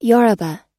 尤拉巴。